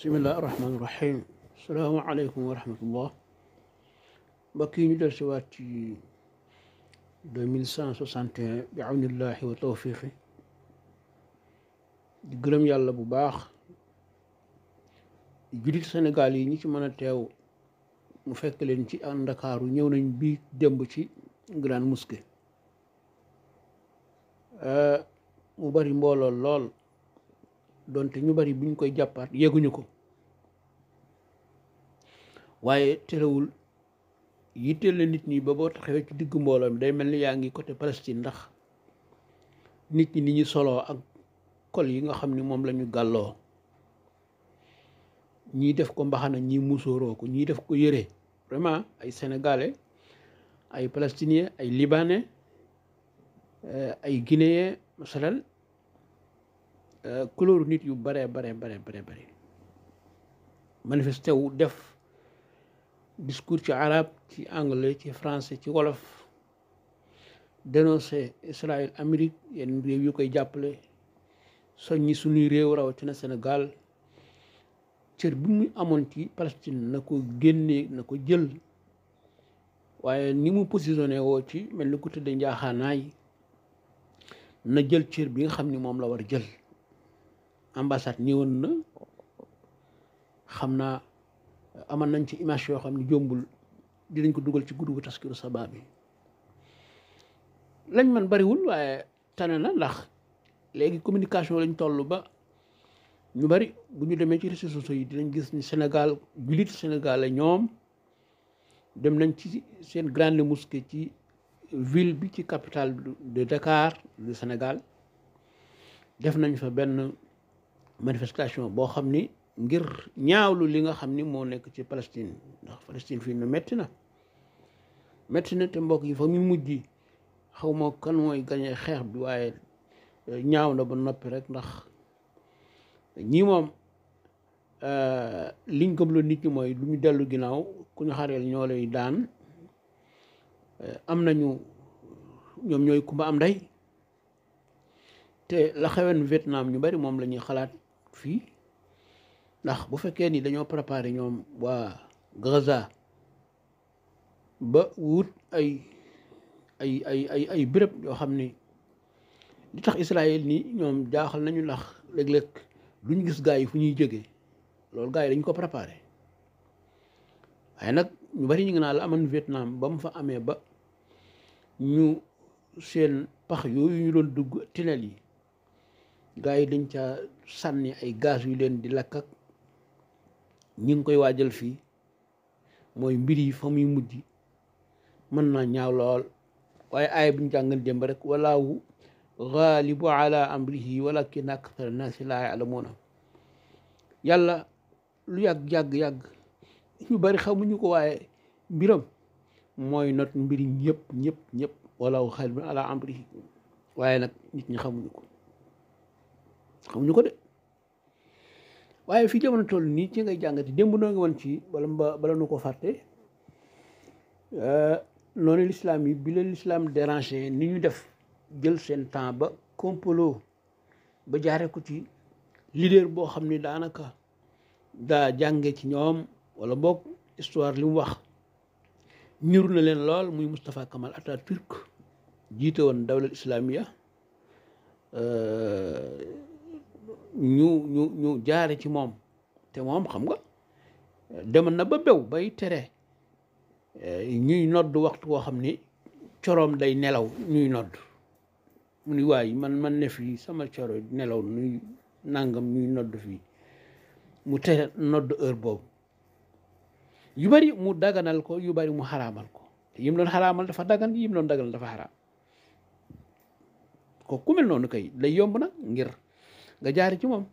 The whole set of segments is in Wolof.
بسم الله الرحمن الرحيم salaamaaleykum wa rahmatullah mbokk yi ñu del si waat ci deux mille cent soixante et un bi awnillahi wa tawfiqi di gërëm yàlla bu baax jullit Sénégal yi ñi ci mën a teew mu fekk leen ci Ndakaaru ñëw nañ bii démb ci Grande Mosquée euh, mu bari mbooloo lool donte ñu bari buñ koy jàppaat yegguñu ko waaye terewul yitteel na nit ñi ba boo taxawee ci diggu mbooloo mi day mel ni yaa ngi côté Palestine ndax nit ñi ni ñu soloo ak kol yi nga xam ni moom lañu gàlloo ñii def ko mbaxana ñi musooroo ko ñii def ko yére vraiment ay sénégalais ay palestiniens ay libanais euh, ay guinéens masalan Euh, couleur nit yu bare bare bare bare bare manifesté wu def discours ci arab ci anglais ci français ci wolof dénoncé Israël Amérique yenn réew yu koy jàppale soññi suñuy réew rawatina Sénégal cër bi muy amoon ci Palestine na ko génnee na ko jël waaye ni mu positionné woo ci mel ni ku tëddee njaaxaanaay na jël cër bi nga xam ni moom la war jël ambassade ñëwoon na xam naa aman nañ ci image yoo xam ne jombul dinañ ko dugal ci guddugu taskiru sabaa bi lañ man bariwul waaye tane na ndax léegi communication lañ toll ba ñu bari bu ñu demee ci réseaux sociaux yi dinañ gis ni Sénégal jullit Sénégal ñoom dem nañ ci seen grande mosquée ci ville bi ci capital de Dakar du Sénégal def nañ fa benn manifestation boo xam ni ngir ñaawlu li nga xam ni moo nekk ci Palestine ndax Palestine fii nu metti na metti na te mbokk yi fa mu mujj xaw ma kan mooy gañee xeex bi waaye eh, ñaaw na ba noppi rek ndax ñi moom eh, liñ gëmloo nit ñi mooy lu dellu ginnaaw ku ñu xareel ñoo lay daan eh, am nañu ñoom ñooy kumba am ndey te la xewen Vietnam ñu bari moom lañuy xalaat fii ndax bu fekkee ni dañoo préparé ñoom waa Gaza ba wut ay ay ay ay ay yoo xam ni li tax Israël ni ñoom jaaxal nañu ndax léeg-léeg duñ gis gaa yi fu ñuy jógee loolu gaa yi dañ ko préparé waaye nag ñu bari ñu ngi naa la amoon Vietnam ba mu fa amee ba ñu seen pax yooyu ñu doon dugg tunnel yi gars yi dañ caa sànni ay gaz yu leen di lakk ak ngi koy waajal fii mooy mbir yi fa muy mujj mën naa ñaaw lool waaye aaya bi ñu jàngal démb rek walaahu gaalibu ala amrihi walakin akthara naasi laa yaalamuuna yàlla lu yàgg-yàgg-yàgg yu bari xamuñu ko waaye mbiram mooy not mbiri ñëpp ñëpp ñëpp walaahu gaalibu ala amrihi waaye nag nit ñi xamuñu ko xamuñu ko de waaye fii jamono toll nii ci ngay jàngati démb noo ngi woon ci bala bala nu ko fàtte euh, noonu lislaam yi bi la lislaam dérangé ni ñu def jël seen temps ba compolo ba jaare ko ci leader boo xam ni daanaka daa jànge ci ñoom wala boog histoire li wax ñur na leen lool muy Mustafa Kamal Atatürk jiite woon dawla islamiya euh, ñu ñu ñu jaare ci moom te moom xam nga demoon na ba bew bay tere eh, ñuy nodd waxtu woo xam ni coroom day nelaw ñuy nodd mu ni waay man man ne fii sama coro nelaw nuy nangam ñuy nodd fii mu tere nodd heure boobu yu bari mu daganal ko yu bari mu xaraamal ko te yim doon xaraamal dafa dagan yim doon daganal dafa xaraam ko ku mel kay day yomb nag ngir nga jaare ci moom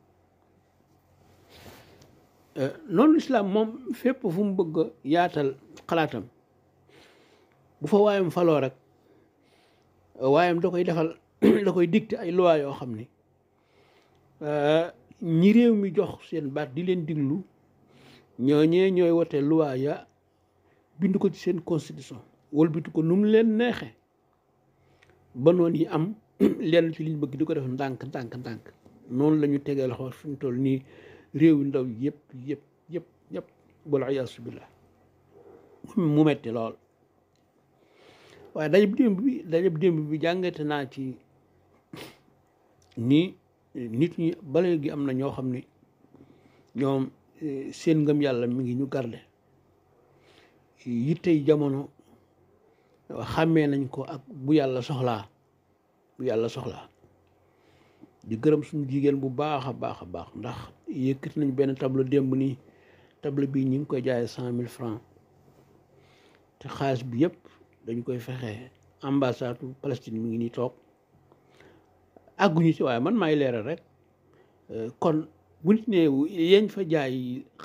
euh, noonu lislaam moom fépp fu bëgg yaatal xalaatam bu fa waayam faloo rek euh, waayam da koy defal da koy dicté ay loi yoo xam ni euh, ñi réew mi jox seen baat di leen diglu ñooñee ñooy wote loi ya bind ko ci seen constitution wëlbati ko nu mu leen neexe ba noon yi am lenn ci liñ bëgg di ko def ndànk ndànk ndànk noonu la ñu tegal xool fi mu toll nii réew ndaw yépp yëpp yëpp yëpp wala iyaasu mu metti lool waaye dajab démb bi dajab démb bi jàngate naa ci nii nit ñi bale gi am na ñoo xam ni ñoom eh, seen ngëm yàlla mi ngi ñu garde yittey jamono xàmmee nañ ko ak bu yàlla soxlaa bu yàlla soxlaa di gërëm suñu jigéen bu baax a baax a baax ndax yëkkati nañ benn table démb nii table bii ñu ngi koy jaay cent mille francs te xaalis bi yëpp dañ koy fexe ambassade Palestine mi ngi nii toog àgguñu ci waaye man may leeral rek euh, kon bu nit ne yeñ fa jaay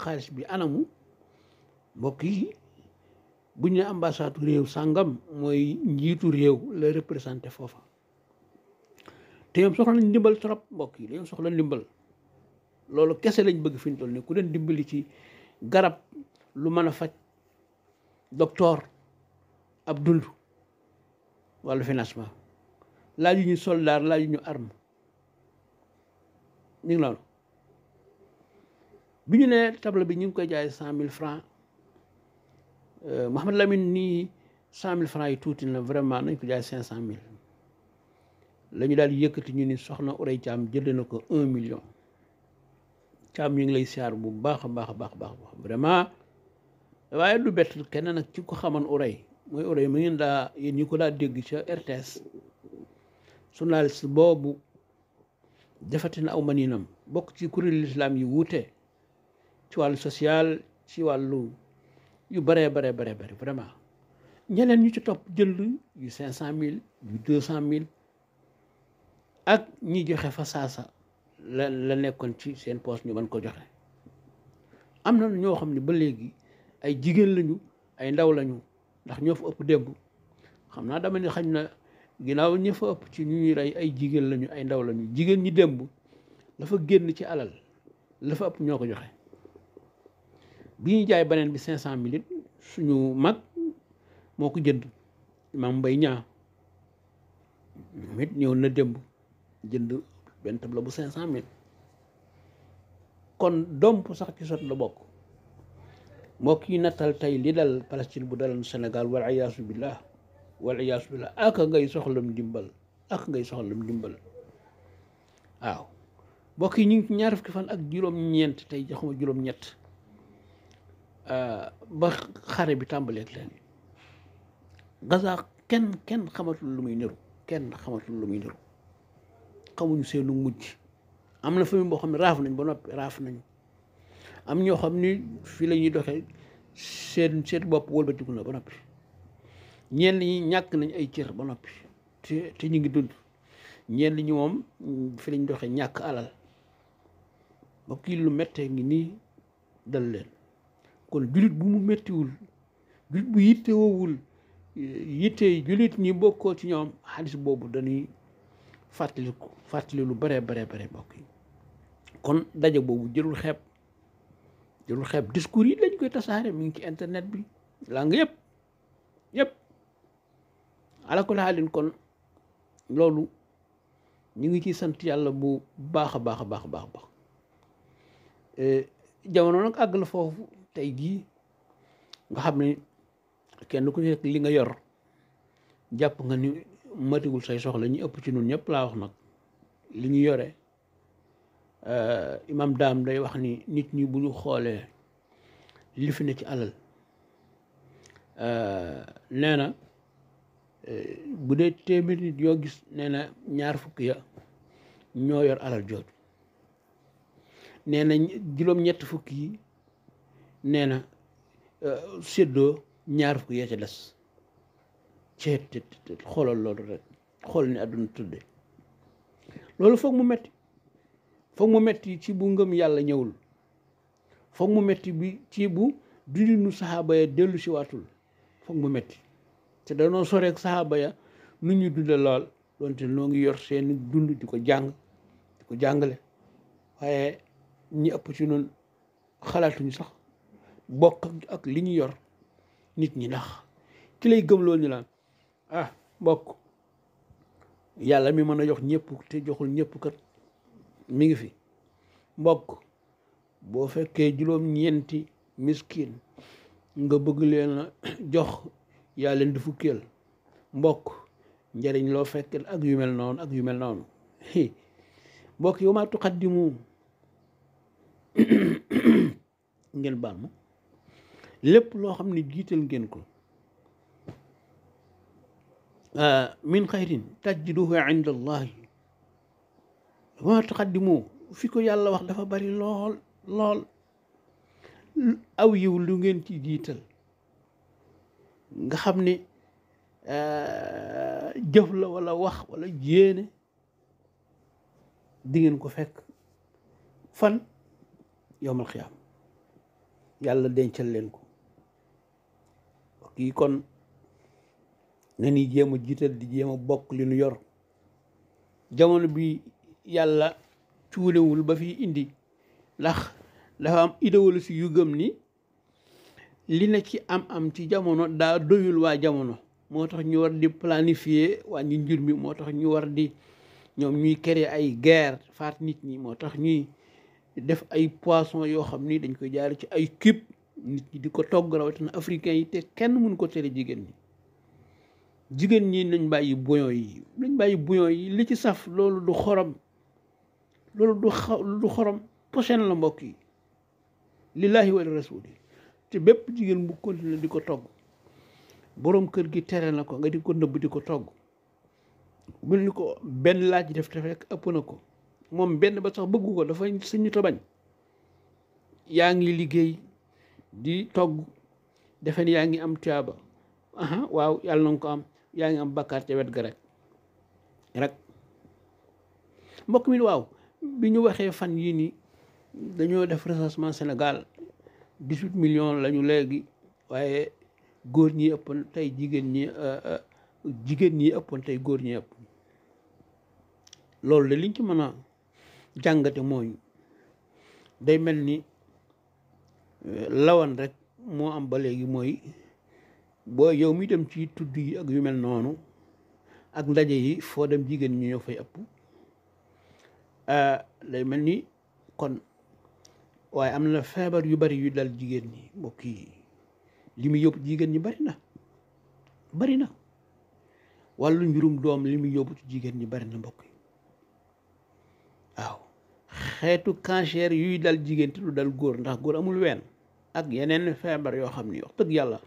xaalis bi anamu mbokk yi buñ ne ambassade réew sàngam mooy njiitu réew la représenté foofa te ñoom soxla ndimbal trop mbokk yi dañoo soxla ndimbal loolu kese lañ bëgg fi ñu toll nii ku leen dimbali ci garab lu mën a faj docteur ab dund wàllu financement laaju ñu soldaar laaju ñu arme ñu ngi bi ñu nee table bi ñu ngi koy jaay cent mille francs euh, Mouhamad Lamine nii cent mille francs yi tuuti na vraiment nañ ko jaay cinq cent mille la ñu daal yëkkati ñu ni soxna Ourey Thiam jënd na ko un million caam ñu ngi lay siyaar bu baax a baax a baax baax vraiment waaye du bett keneen ak ci ko xaman Ourey mooy Ourey mu ngeen daa yéen ñi ko daa dégg ca RTS journaliste boobu defati na aw maninam bokk ci kuréelu islam yu wuute ci wàllu social ci wàllu yu baree baree bare bëri vraiment ñeneen ñu ci topp jël yu cinq cent mille yu deux cent mille ak ñi joxe fa saasa la la nekkoon ci seen poche ñu mën ko joxe am na ñoo xam ne ba léegi ay jigéen lañu ay ndaw lañu ndax ñoo fa ëpp démb xam naa dama ni xañ na ginnaaw ñi ëpp ci ñu rey ay jigéen lañu ay ndaw lañu jigéen ñi démb la génn ci alal la fa ëpp ñoo ko joxe bi ñu jaay beneen bi cinq cent mille suñu mag moo ko jënd maam bay ñaa moom it ñëw na démb jënd benn tableau bu cinq cent kon domp sax ci sot la bokk moo kii nattal tey li dal Palestine bu dalan Sénégal wal iyaasu billah wal iyaasu billah ak ngay soxlam dimbal ak ngay soxlam dimbal waaw mbokk yi ñu ngi ci ñaar fan ak juróom-ñeent tey joxuma juróom-ñett ba xare bi tàmbaleeg leen Gaza kenn kenn xamatul lu muy niru kenn xamatul lu muy niru xamuñu seenu mujj am na famille boo xam ne raaf nañ ba noppi raaf nañ am ñoo xam ni fii lañuy doxe doxee seen seen bopp wëlbatiku na ba noppi ñenn ñi ñàkk nañ ay cër ba noppi te ñu ngi dund ñenn ñi moom fi lañ doxe ñàkk alal ba kii lu méttee ngi nii dal leen kon jullit bu mu méttiwul jullit bu yitte woowul yitte jullit ñi bokkoo ci ñoom xaalis boobu dañuy fàttaliku fàttali lu bëree bare bare mbokk yi kon daje boobu jërul xeeb jërul xeeb discours yi lañ koy tasaare mi ngi ci internet bi laa nga yëpp yëpp alakula xaalin kon loolu ñu ngi ciy sant yàlla bu baax a baax a baax baax baax e, jamono nag àgg la foofu tey jii nga xam ni kenn ku nekk li nga yor jàpp nga ni matiwul say soxla ñu ëpp ci ñun ñëpp laa wax nag li ñu yore euh, imam daam day wax ni nit ñi bu ñu xoolee li fi ne ci alal euh, nee na euh, bu dee téeméer nit yoo gis nee na ñaar fukki ya ñoo yor alal jooju nee na juróom-ñett fukk yi nee na séddoo ñaar fukki ya ca des ceet tet xoolal loolu rek xool ni àdduna tudde loolu foog mu metti foog mu metti ci bu ngëm yàlla ñëwul foog mu metti bi ci bu dundinu saxaaba ya dellu si waatul foog mu metti te danoo soreek saxaaba ya nu ñu dunda lool doonte noo ngi yor seeni dund di ko jàng di ko jàngale waaye ñi ëpp ci noonu xalaatuñu sax bokk ak li ñu yor nit ñi ndax ki lay gëm loolu ñu laan ah mbokk yàlla mi mën a jox ñépp te joxul ñëpp kat mi ngi fi mbokk boo fekkee juróom-ñeenti miskin nga bëgg leen a jox yaa leen di fukkeel mbokk njariñ loo fekkeel ak yu mel noonu ak yu mel noonu mbokk yi ma tuqaddimu ngeen baal ma lépp loo xam ni jiital ngeen ko min xayrin tajjiduhu inda allahi wa taqaddimu fi ko yàlla wax dafa bari lool lool aw yiw lu ngeen ci jiital nga xam ne jëf la wala wax wala jéene di ngeen ko fekk fan yowmal xiyaam yàlla dencal leen ko kii kon nañuy jéem a jiital di jéem a bokk li nu yor jamono bi yàlla cuunewul ba fi indi ndax dafa am idéologie yu gëm ni li na ci am am ci jamono daa doyul waa jamono moo tax ñu war di planifier waa ñu njur mi moo tax ñu war di ñoom ñuy créer ay guerre faat nit ñi moo tax ñuy def ay poisson yoo xam ni dañ koy jaare ci ay cube nit ñi di ko togg rawatina africain yi te kenn mun ko tere jigéen ñi jigéen ñi nañ bàyyi bouillon yi nañ bàyyi bouillon yi li ci saf loolu du xorom loolu du du xorom prochaine la mbokk yi lillahi wala rasul yi te bépp jigéen bu continuer di ko togg boroom kër gi tere na ko nga di ko nëbb di ko togg mel ni ko benn laaj def te fekk ëpp na ko moom benn ba sax bëggu ko dafa sañu ta bañ yaa ngi liggéey di togg defe yaa ngi am tuyaaba waaw yàlla na ko am yaa ngi am bakkaar ca wet ga rek mbokk mi waaw bi ñu waxee fan yii nii dañoo def recensement Sénégal dix-huit millions la léegi waaye góor ñi ëppoon tey jigéen ñi euh, euh, jigéen ñi ëppoon tey góor ñi ëpp loolu de liñ ci mën a jàngate mooy day mel ni euh, lawan rek moo am ba léegi mooy boo yow mi dem ci tudd yi ak yu mel noonu ak ndaje yi foo dem jigéen ñi ñoo fay ëpp lay eh, mel ni kon waaye am na feebar yu bari yu dal jigéen ñi mbokk yi li muy yóbbu jigéen ñi bari na bari na wàllu njurum doom li muy yóbbu ci jigéen ñi bari na mbokk yi waaw xeetu cancer yuy dal jigéen te du dal góor ndax góor amul ween ak yeneen feebar yoo xam ni wax yàlla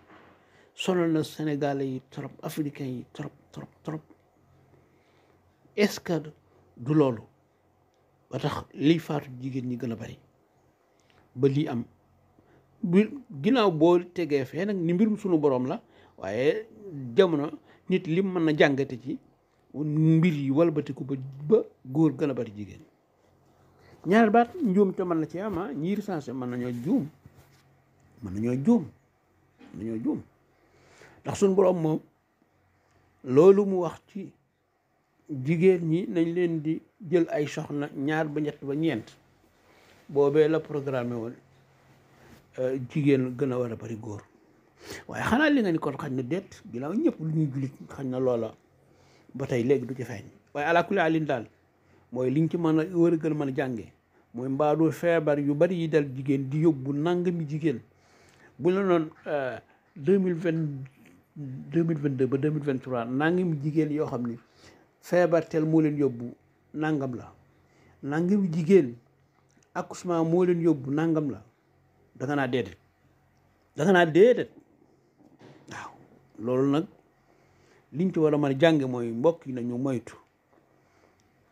solo na sénégalais yi trop africains yi trop trop trop est-ce que du loolu ba tax liy faatu jigéen ñi gën a bari ba lii am bu ginnaaw boo tegee fee nag ni mbirum sunu boroom la waaye jamono nit li mën na jàngate ci mbir yi walbatiku ba ba góor gën a bari jigéen ñaar baat njuum te mën na ci ama ah. ñi recensé mën nañoo juum mën nañoo juum mën nañoo juum ndax suñ borom moom loolu mu wax ci jigéen ñi nañ leen di jël ay soxna ñaar ba ñett ba ñeent boobee la programme woon euh, jigéen gën a war a bari góor waaye xanaa li nga ni kon xañ na déet ginnaaw ñëpp lu ñuy jullit xañ na loola ba tey léegi du ci feeñ waaye ala alin daal mooy liñ ci mën a war a gën a mën a jànge mooy mbaadu feebar yu bari yi dal jigéen di yóbbu nangami jigéen bu la noon euh, deux deux mille vingt deux ba deux mille vingt trois jigéen yoo xam ni feebar teel moo yóbbu nangam la nangam jigéen accouchement moo leen yóbbu nangam la da nga naa déedéet da naa déedéet waaw loolu nag liñ ci war a mën a jànge mooy mbokk yi nañu moytu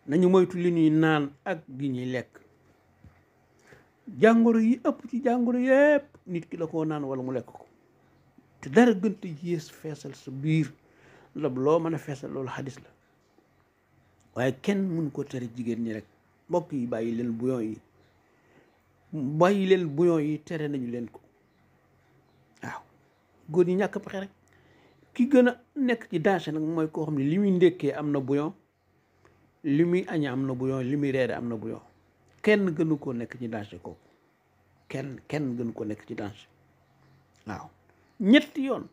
nañu moytu li ñuy naan ak gi ñuy lekk jàngoro yi ëpp ci jàngoro yépp nit ki la koo naan wala mu lekk ko te dara gënta yées feesal sa biir lab loo mën a feesal loolu xadis la waaye kenn mënu ko tere jigéen ñi rek mbokk yi bàyyi leen bouillon yi bàyyi leen yi tere nañu leen ko waaw góor yi ñàkk pexe rek ki gën a nekk ci danger nag mooy koo xam ne li muy ndékkee am na bouillon li muy aña am na buyon li muy reere am na bouillon kenn gënu koo nekk ci danger kooku kenn kenn gënu koo nekk ci danger waaw ñetti yoon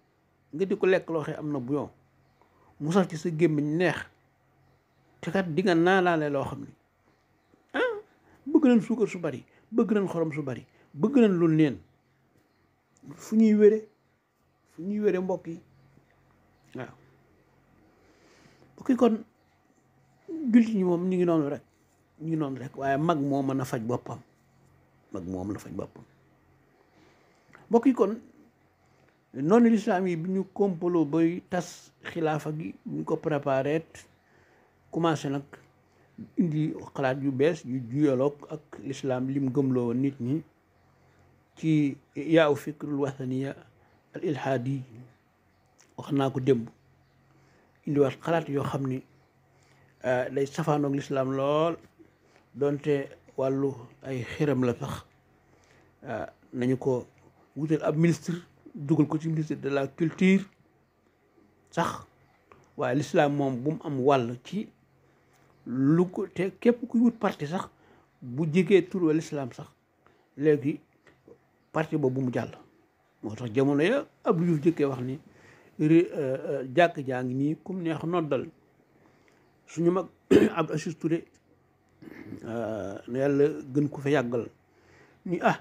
nga di ko lekk loo xam am na bu yow mu sax ci sa gémmiñ neex te kat di nga naanaale loo xam ni ah bëgg na suukar su bari bëgg nañ xorom su bari bëgg na lu neen fu ñuy wére fu ñuy wére mbokk yi waaw bokki kon jullit ñi moom ñu ngi noonu rek ñu ngi noonu rek waaye mag moo mën a faj boppam mag moo mën faj boppam mbokk kon noonu lislaam yi bu ñu kompaloo bay tas xilaafa gi ñu ko préparé commencé nag indi xalaat yu bees yu juyaloog ak lislaam lim gëmloo nit ñi ci yaaw fikrul wathaniya al ilhaadi wax naa ko démb indiwaat xalaat yoo xam ni euh, day safaanoog lislaam lool doonte wàllu ay xiram la sax euh, nañu ko wutal ab ministre dugal ko ci ministère de la culture sax waaye lislaam moom bu mu am wàll ci lu ko te képp ku wut parti sax bu jigee turwa l'islam sax léegi parti boobu mu jàll moo tax jamono ya Abdou Diouf jëkkee wax ni euh, euh, jàkk jaa ngi nii kum neex noddal suñu mag Abdou Aziz euh, yàlla gën ko fa yàggal ni ah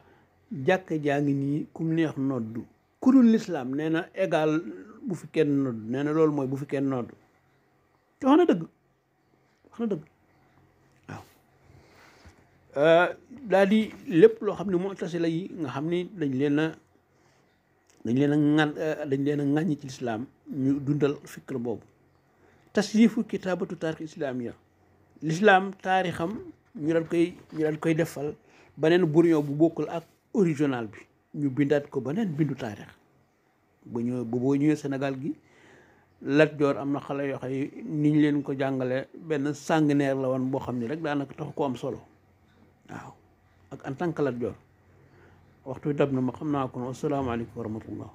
jàkk jaa ngi nii kum neex noddu kudul lislaam nee na égal bu fi kenn nodd nee na loolu mooy bu fi kenn nodd te wax na dëgg dëgg waaw euh, daal di lépp loo xam ne mu'tasila yi nga xam ni dañ leen a dañ leen a ŋan euh, dañ leen a ñi ci lislaam ñu dundal fikr boobu tasrifu kitaabatu taarix islaamiya lislaam taarixam ñu daan koy ñu daan koy defal beneen burion bu bokkul ak original bi ñu bindaat ko beneen bindu taarix bu ñëwee bu boo ñëwee senegal gi Lat am na xale yoo xam ni leen ko jàngale benn sanguinaire la woon boo xam ne rek daanaka taxu ko am solo waaw ak en tant que Lat Joor waxtu dab na ma xam naa ko ne asalaamaaleykum wa rahmatullah